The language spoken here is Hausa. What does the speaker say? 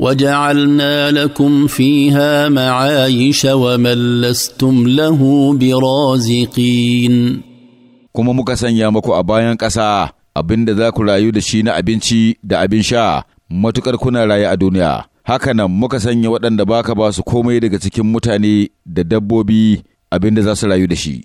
وجعلنا لكم wa معايش ومن لستم له برازقين kuma muka sanya maku a bayan ƙasa abin da za ku rayu da shi na abinci da abin sha matuƙar kuna rayu a duniya hakanan muka sanya waɗanda baka ba su komai daga cikin mutane da dabbobi abin da za su rayu da shi